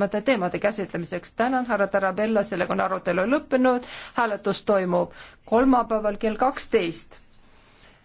mõte teemade käsitlemiseks. tänan, härra Tarabella, sellega on arutelu lõppenud, hääletus toimub kolmapäeval kell kaksteist